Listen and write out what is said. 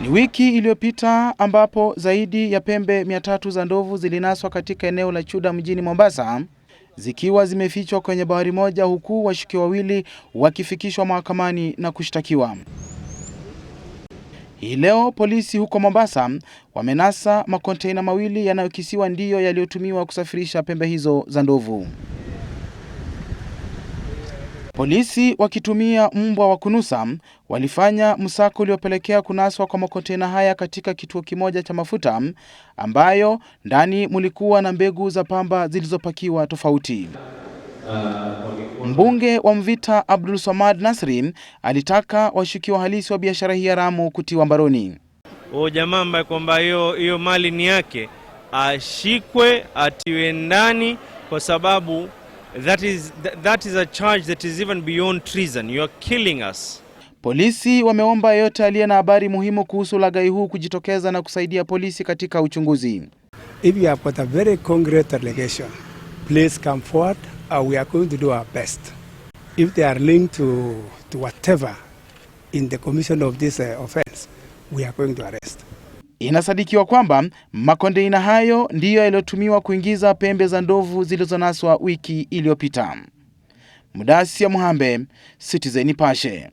Ni wiki iliyopita ambapo zaidi ya pembe mia tatu za ndovu zilinaswa katika eneo la Chuda mjini Mombasa zikiwa zimefichwa kwenye bahari moja, huku washukiwa wawili wakifikishwa mahakamani na kushtakiwa. Hii leo polisi huko Mombasa wamenasa makonteina mawili yanayokisiwa ndiyo yaliyotumiwa kusafirisha pembe hizo za ndovu. Polisi wakitumia mbwa wa kunusa walifanya msako uliopelekea kunaswa kwa makontena haya katika kituo kimoja cha mafuta ambayo ndani mulikuwa na mbegu za pamba zilizopakiwa tofauti. Mbunge wa Mvita Abdul Swamad Nasrin alitaka washukiwa halisi wa biashara hii haramu kutiwa mbaroni. O oh, jamaa ambaye kwamba hiyo hiyo mali ni yake ashikwe, atiwe ndani kwa sababu That is, that is a charge that is even beyond treason. You are killing us. Polisi wameomba yeyote aliye na habari muhimu kuhusu ulaghai huu kujitokeza na kusaidia polisi katika uchunguzi. If you have got a very concrete allegation, please come forward or we are going to do our best. If they are linked to, to whatever in the commission of this uh, offense, we are going to arrest. Inasadikiwa kwamba makondeina hayo ndiyo yaliyotumiwa kuingiza pembe za ndovu zilizonaswa wiki iliyopita. Mudasia Muhambe, Citizen Nipashe.